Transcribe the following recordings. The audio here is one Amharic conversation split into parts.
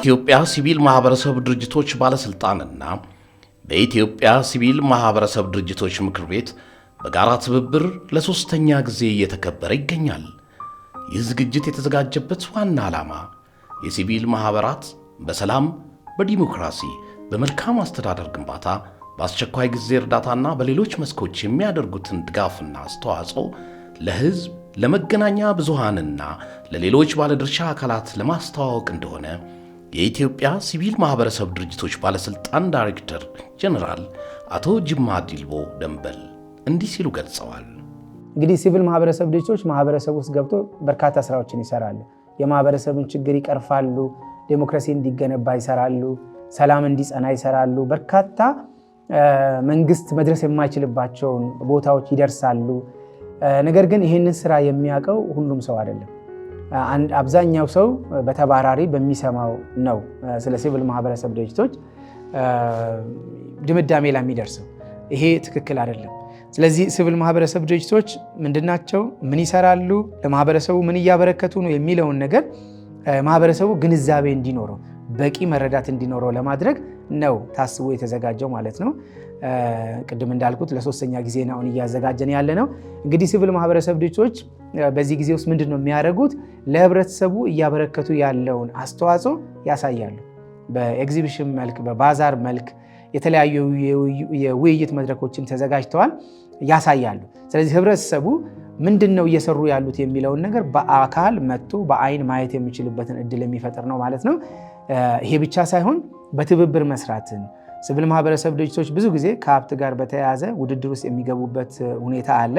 ኢትዮጵያ ሲቪል ማህበረሰብ ድርጅቶች ባለሥልጣንና በኢትዮጵያ ሲቪል ማህበረሰብ ድርጅቶች ምክር ቤት በጋራ ትብብር ለሦስተኛ ጊዜ እየተከበረ ይገኛል። ይህ ዝግጅት የተዘጋጀበት ዋና ዓላማ የሲቪል ማኅበራት በሰላም፣ በዲሞክራሲ፣ በመልካም አስተዳደር ግንባታ፣ በአስቸኳይ ጊዜ እርዳታና በሌሎች መስኮች የሚያደርጉትን ድጋፍና አስተዋጽኦ ለሕዝብ፣ ለመገናኛ ብዙሃንና ለሌሎች ባለድርሻ አካላት ለማስተዋወቅ እንደሆነ የኢትዮጵያ ሲቪል ማህበረሰብ ድርጅቶች ባለሥልጣን ዳይሬክተር ጀኔራል አቶ ጅማ ዲልቦ ደንበል እንዲህ ሲሉ ገልጸዋል። እንግዲህ ሲቪል ማህበረሰብ ድርጅቶች ማህበረሰብ ውስጥ ገብቶ በርካታ ስራዎችን ይሰራሉ። የማህበረሰብን ችግር ይቀርፋሉ፣ ዴሞክራሲ እንዲገነባ ይሰራሉ፣ ሰላም እንዲጸና ይሰራሉ። በርካታ መንግስት መድረስ የማይችልባቸውን ቦታዎች ይደርሳሉ። ነገር ግን ይህንን ስራ የሚያውቀው ሁሉም ሰው አይደለም። አብዛኛው ሰው በተባራሪ በሚሰማው ነው ስለ ሲቪል ማህበረሰብ ድርጅቶች ድምዳሜ ላይ የሚደርሰው። ይሄ ትክክል አይደለም። ስለዚህ ሲቪል ማህበረሰብ ድርጅቶች ምንድናቸው? ምን ይሰራሉ? ለማህበረሰቡ ምን እያበረከቱ ነው የሚለውን ነገር ማህበረሰቡ ግንዛቤ እንዲኖረው፣ በቂ መረዳት እንዲኖረው ለማድረግ ነው ታስቦ የተዘጋጀው ማለት ነው። ቅድም እንዳልኩት ለሶስተኛ ጊዜ አሁን እያዘጋጀን ያለ ነው። እንግዲህ ሲቪል ማህበረሰብ ድርጅቶች በዚህ ጊዜ ውስጥ ምንድን ነው የሚያደርጉት? ለህብረተሰቡ እያበረከቱ ያለውን አስተዋጽኦ ያሳያሉ። በኤግዚቢሽን መልክ፣ በባዛር መልክ የተለያዩ የውይይት መድረኮችን ተዘጋጅተዋል ያሳያሉ። ስለዚህ ህብረተሰቡ ምንድን ነው እየሰሩ ያሉት የሚለውን ነገር በአካል መጥቶ በአይን ማየት የሚችልበትን እድል የሚፈጥር ነው ማለት ነው። ይሄ ብቻ ሳይሆን በትብብር መስራትን ሲቪል ማህበረሰብ ድርጅቶች ብዙ ጊዜ ከሀብት ጋር በተያያዘ ውድድር ውስጥ የሚገቡበት ሁኔታ አለ።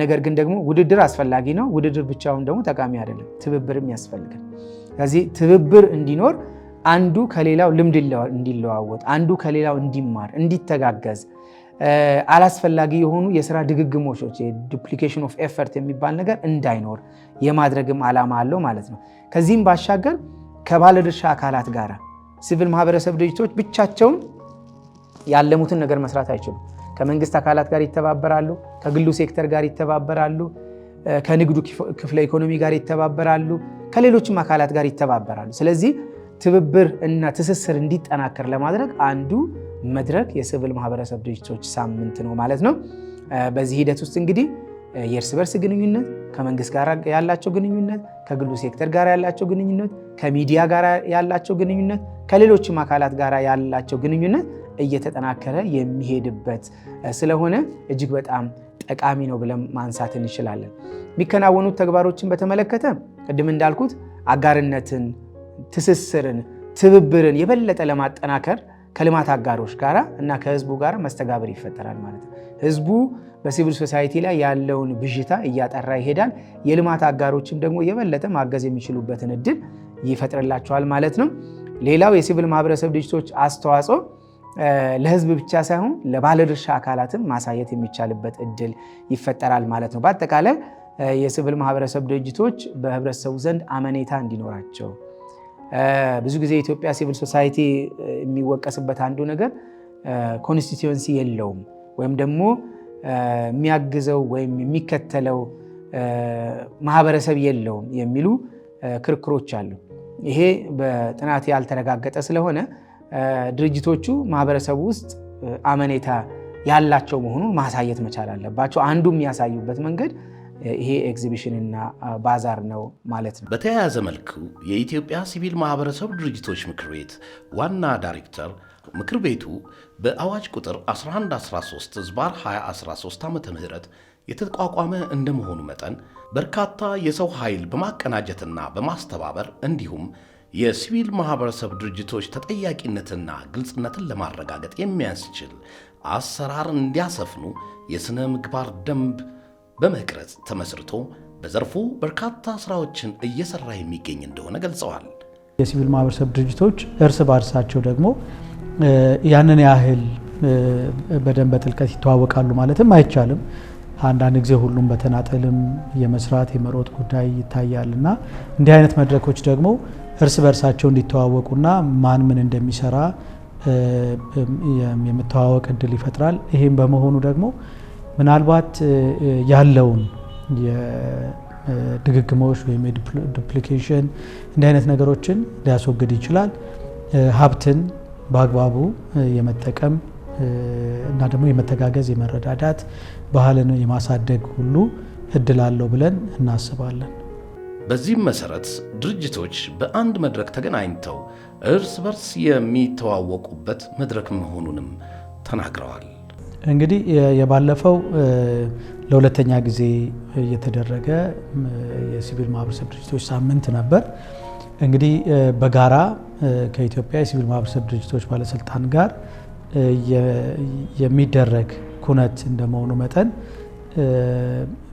ነገር ግን ደግሞ ውድድር አስፈላጊ ነው። ውድድር ብቻውን ደግሞ ጠቃሚ አይደለም፣ ትብብርም ያስፈልጋል። ስለዚህ ትብብር እንዲኖር አንዱ ከሌላው ልምድ እንዲለዋወጥ፣ አንዱ ከሌላው እንዲማር፣ እንዲተጋገዝ አላስፈላጊ የሆኑ የስራ ድግግሞሾች ዱፕሊኬሽን ኦፍ ኤፈርት የሚባል ነገር እንዳይኖር የማድረግም ዓላማ አለው ማለት ነው። ከዚህም ባሻገር ከባለድርሻ አካላት ጋር ሲቪል ማህበረሰብ ድርጅቶች ብቻቸውን ያለሙትን ነገር መስራት አይችሉም። ከመንግስት አካላት ጋር ይተባበራሉ፣ ከግሉ ሴክተር ጋር ይተባበራሉ፣ ከንግዱ ክፍለ ኢኮኖሚ ጋር ይተባበራሉ፣ ከሌሎችም አካላት ጋር ይተባበራሉ። ስለዚህ ትብብር እና ትስስር እንዲጠናከር ለማድረግ አንዱ መድረክ የሲቪል ማህበረሰብ ድርጅቶች ሳምንት ነው ማለት ነው። በዚህ ሂደት ውስጥ እንግዲህ የእርስ በርስ ግንኙነት፣ ከመንግስት ጋር ያላቸው ግንኙነት፣ ከግሉ ሴክተር ጋር ያላቸው ግንኙነት፣ ከሚዲያ ጋር ያላቸው ግንኙነት፣ ከሌሎችም አካላት ጋር ያላቸው ግንኙነት እየተጠናከረ የሚሄድበት ስለሆነ እጅግ በጣም ጠቃሚ ነው ብለን ማንሳት እንችላለን። የሚከናወኑት ተግባሮችን በተመለከተ ቅድም እንዳልኩት አጋርነትን፣ ትስስርን፣ ትብብርን የበለጠ ለማጠናከር ከልማት አጋሮች ጋር እና ከህዝቡ ጋር መስተጋብር ይፈጠራል ማለት ነው። ህዝቡ በሲቪል ሶሳይቲ ላይ ያለውን ብዥታ እያጠራ ይሄዳል። የልማት አጋሮችም ደግሞ የበለጠ ማገዝ የሚችሉበትን እድል ይፈጥርላቸዋል ማለት ነው። ሌላው የሲቪል ማህበረሰብ ድርጅቶች አስተዋጽኦ ለህዝብ ብቻ ሳይሆን ለባለድርሻ አካላትም ማሳየት የሚቻልበት እድል ይፈጠራል ማለት ነው። በአጠቃላይ የሲቪል ማህበረሰብ ድርጅቶች በህብረተሰቡ ዘንድ አመኔታ እንዲኖራቸው ብዙ ጊዜ የኢትዮጵያ ሲቪል ሶሳይቲ የሚወቀስበት አንዱ ነገር ኮንስቲትዌንሲ የለውም ወይም ደግሞ የሚያግዘው ወይም የሚከተለው ማህበረሰብ የለውም የሚሉ ክርክሮች አሉ። ይሄ በጥናት ያልተረጋገጠ ስለሆነ ድርጅቶቹ ማህበረሰቡ ውስጥ አመኔታ ያላቸው መሆኑን ማሳየት መቻል አለባቸው። አንዱ የሚያሳዩበት መንገድ ይሄ ኤግዚቢሽንና ባዛር ነው ማለት ነው። በተያያዘ መልኩ የኢትዮጵያ ሲቪል ማህበረሰብ ድርጅቶች ምክር ቤት ዋና ዳይሬክተር ምክር ቤቱ በአዋጅ ቁጥር 1113 ዝባር 2013 ዓ ም የተቋቋመ እንደመሆኑ መጠን በርካታ የሰው ኃይል በማቀናጀትና በማስተባበር እንዲሁም የሲቪል ማህበረሰብ ድርጅቶች ተጠያቂነትና ግልጽነትን ለማረጋገጥ የሚያስችል አሰራር እንዲያሰፍኑ የሥነ ምግባር ደንብ በመቅረጽ ተመስርቶ በዘርፉ በርካታ ስራዎችን እየሰራ የሚገኝ እንደሆነ ገልጸዋል። የሲቪል ማህበረሰብ ድርጅቶች እርስ በርሳቸው ደግሞ ያንን ያህል በደንብ በጥልቀት ይተዋወቃሉ ማለትም አይቻልም። አንዳንድ ጊዜ ሁሉም በተናጠልም የመስራት የመሮጥ ጉዳይ ይታያል እና እንዲህ አይነት መድረኮች ደግሞ እርስ በርሳቸው እንዲተዋወቁና ማን ምን እንደሚሰራ የምተዋወቅ እድል ይፈጥራል። ይህም በመሆኑ ደግሞ ምናልባት ያለውን የድግግሞች ወይም የዱፕሊኬሽን እንዲህ አይነት ነገሮችን ሊያስወግድ ይችላል ሀብትን በአግባቡ የመጠቀም እና ደግሞ የመተጋገዝ የመረዳዳት ባህልን የማሳደግ ሁሉ እድል አለው ብለን እናስባለን። በዚህም መሰረት ድርጅቶች በአንድ መድረክ ተገናኝተው እርስ በርስ የሚተዋወቁበት መድረክ መሆኑንም ተናግረዋል። እንግዲህ የባለፈው ለሁለተኛ ጊዜ የተደረገ የሲቪል ማህበረሰብ ድርጅቶች ሳምንት ነበር። እንግዲህ በጋራ ከኢትዮጵያ የሲቪል ማህበረሰብ ድርጅቶች ባለስልጣን ጋር የሚደረግ ኩነት እንደመሆኑ መጠን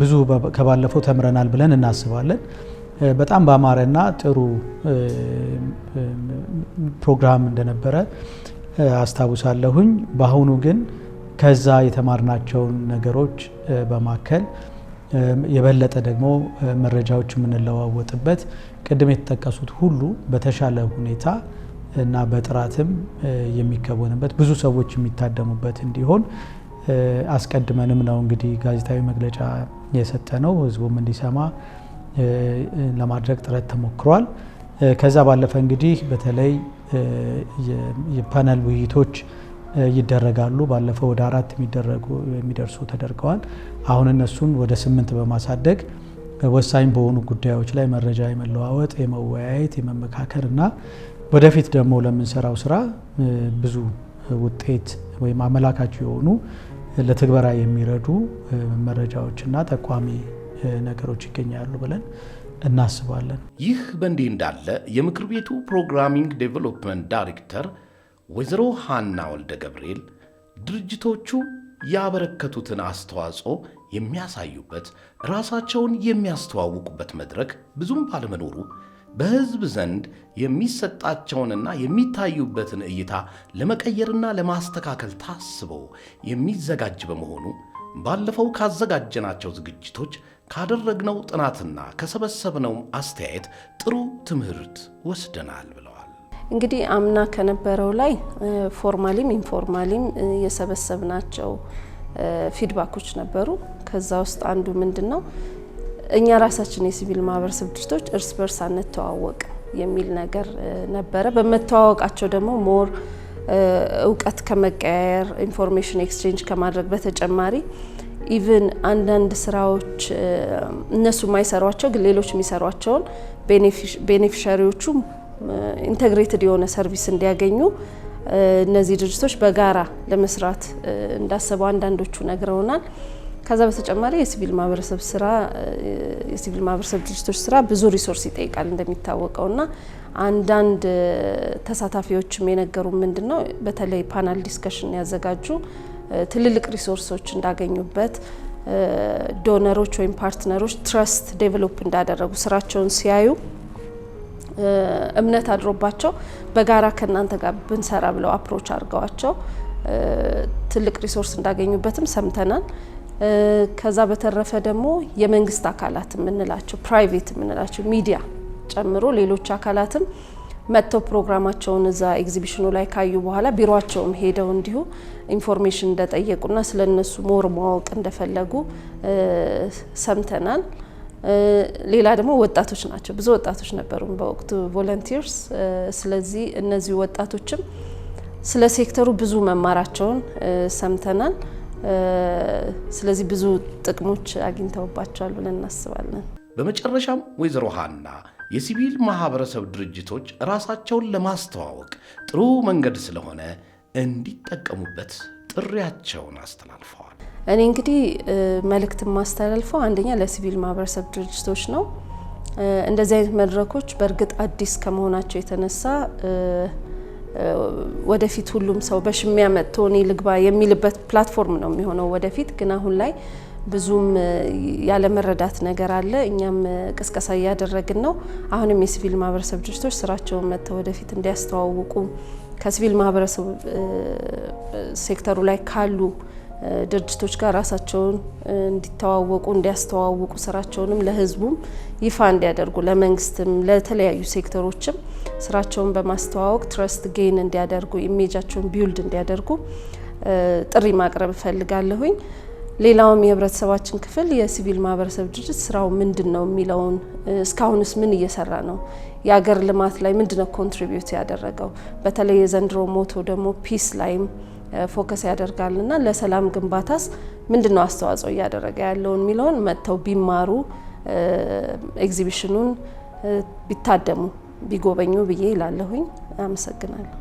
ብዙ ከባለፈው ተምረናል ብለን እናስባለን። በጣም ና ጥሩ ፕሮግራም እንደነበረ አስታውሳለሁኝ። በአሁኑ ግን ከዛ የተማርናቸውን ነገሮች በማከል የበለጠ ደግሞ መረጃዎች የምንለዋወጥበት ቅድም የተጠቀሱት ሁሉ በተሻለ ሁኔታ እና በጥራትም የሚከወንበት ብዙ ሰዎች የሚታደሙበት እንዲሆን አስቀድመንም ነው እንግዲህ ጋዜጣዊ መግለጫ የሰጠ ነው ህዝቡም እንዲሰማ ለማድረግ ጥረት ተሞክሯል። ከዛ ባለፈ እንግዲህ በተለይ የፓነል ውይይቶች ይደረጋሉ። ባለፈው ወደ አራት የሚደረጉ የሚደርሱ ተደርገዋል። አሁን እነሱን ወደ ስምንት በማሳደግ ወሳኝ በሆኑ ጉዳዮች ላይ መረጃ የመለዋወጥ፣ የመወያየት፣ የመመካከር እና ወደፊት ደግሞ ለምንሰራው ስራ ብዙ ውጤት ወይም አመላካች የሆኑ ለትግበራ የሚረዱ መረጃዎችና ጠቋሚ ነገሮች ይገኛሉ ብለን እናስባለን። ይህ በእንዲህ እንዳለ የምክር ቤቱ ፕሮግራሚንግ ዴቨሎፕመንት ዳይሬክተር ወይዘሮ ሃና ወልደ ገብርኤል ድርጅቶቹ ያበረከቱትን አስተዋጽኦ የሚያሳዩበት ራሳቸውን የሚያስተዋውቁበት መድረክ ብዙም ባለመኖሩ በሕዝብ ዘንድ የሚሰጣቸውንና የሚታዩበትን እይታ ለመቀየርና ለማስተካከል ታስበው የሚዘጋጅ በመሆኑ ባለፈው ካዘጋጀናቸው ዝግጅቶች ካደረግነው ጥናትና ከሰበሰብነውም አስተያየት ጥሩ ትምህርት ወስደናል ብለዋል። እንግዲህ አምና ከነበረው ላይ ፎርማሊም ኢንፎርማሊም የሰበሰብናቸው ፊድባኮች ነበሩ። ከዛ ውስጥ አንዱ ምንድን ነው እኛ ራሳችን የሲቪል ማህበረሰብ ድርጅቶች እርስ በርስ አንተዋወቅ የሚል ነገር ነበረ። በመተዋወቃቸው ደግሞ ሞር እውቀት ከመቀያየር ኢንፎርሜሽን ኤክስቼንጅ ከማድረግ በተጨማሪ ኢቭን አንዳንድ ስራዎች እነሱ የማይሰሯቸው ግን ሌሎች የሚሰሯቸውን ቤኔፊሻሪዎቹ ኢንተግሬትድ የሆነ ሰርቪስ እንዲያገኙ እነዚህ ድርጅቶች በጋራ ለመስራት እንዳሰቡ አንዳንዶቹ ነግረውናል። ከዛ በተጨማሪ የሲቪል ማህበረሰብ ስራ የሲቪል ማህበረሰብ ድርጅቶች ስራ ብዙ ሪሶርስ ይጠይቃል እንደሚታወቀው እና አንዳንድ ተሳታፊዎችም የነገሩ ምንድን ነው በተለይ ፓናል ዲስከሽን ያዘጋጁ ትልልቅ ሪሶርሶች እንዳገኙበት ዶነሮች ወይም ፓርትነሮች ትረስት ዴቨሎፕ እንዳደረጉ ስራቸውን ሲያዩ እምነት አድሮባቸው በጋራ ከእናንተ ጋር ብንሰራ ብለው አፕሮች አድርገዋቸው ትልቅ ሪሶርስ እንዳገኙበትም ሰምተናል። ከዛ በተረፈ ደግሞ የመንግስት አካላት የምንላቸው ፕራይቬት የምንላቸው ሚዲያ ጨምሮ ሌሎች አካላትም መጥተው ፕሮግራማቸውን እዛ ኤግዚቢሽኑ ላይ ካዩ በኋላ ቢሮቸውም ሄደው እንዲሁ ኢንፎርሜሽን እንደጠየቁና ስለ እነሱ ሞር ማወቅ እንደፈለጉ ሰምተናል። ሌላ ደግሞ ወጣቶች ናቸው። ብዙ ወጣቶች ነበሩ በወቅቱ ቮለንቲርስ። ስለዚህ እነዚህ ወጣቶችም ስለ ሴክተሩ ብዙ መማራቸውን ሰምተናል። ስለዚህ ብዙ ጥቅሞች አግኝተውባቸዋል ብለን እናስባለን። በመጨረሻም ወይዘሮ ሀና የሲቪል ማህበረሰብ ድርጅቶች ራሳቸውን ለማስተዋወቅ ጥሩ መንገድ ስለሆነ እንዲጠቀሙበት ጥሪያቸውን አስተላልፈዋል። እኔ እንግዲህ መልእክት ማስተላልፈው አንደኛ ለሲቪል ማህበረሰብ ድርጅቶች ነው። እንደዚህ አይነት መድረኮች በእርግጥ አዲስ ከመሆናቸው የተነሳ ወደፊት ሁሉም ሰው በሽሚያ መጥቶ እኔ ልግባ የሚልበት ፕላትፎርም ነው የሚሆነው ወደፊት። ግን አሁን ላይ ብዙም ያለመረዳት ነገር አለ። እኛም ቅስቀሳ እያደረግን ነው። አሁንም የሲቪል ማህበረሰብ ድርጅቶች ስራቸውን መጥተው ወደፊት እንዲያስተዋውቁ ከሲቪል ማህበረሰብ ሴክተሩ ላይ ካሉ ድርጅቶች ጋር ራሳቸውን እንዲተዋወቁ እንዲያስተዋውቁ ስራቸውንም ለህዝቡም ይፋ እንዲያደርጉ ለመንግስትም ለተለያዩ ሴክተሮችም ስራቸውን በማስተዋወቅ ትረስት ጌን እንዲያደርጉ ኢሜጃቸውን ቢውልድ እንዲያደርጉ ጥሪ ማቅረብ እፈልጋለሁኝ። ሌላውም የህብረተሰባችን ክፍል የሲቪል ማህበረሰብ ድርጅት ስራው ምንድን ነው የሚለውን እስካሁንስ ምን እየሰራ ነው፣ የአገር ልማት ላይ ምንድነው ኮንትሪቢዩት ያደረገው፣ በተለይ የዘንድሮ ሞቶ ደግሞ ፒስ ላይም ፎከስ ያደርጋል እና ለሰላም ግንባታስ ምንድን ነው አስተዋጽኦ እያደረገ ያለውን የሚለውን መጥተው ቢማሩ ኤግዚቢሽኑን ቢታደሙ ቢጎበኙ ብዬ ይላለሁኝ። አመሰግናለሁ።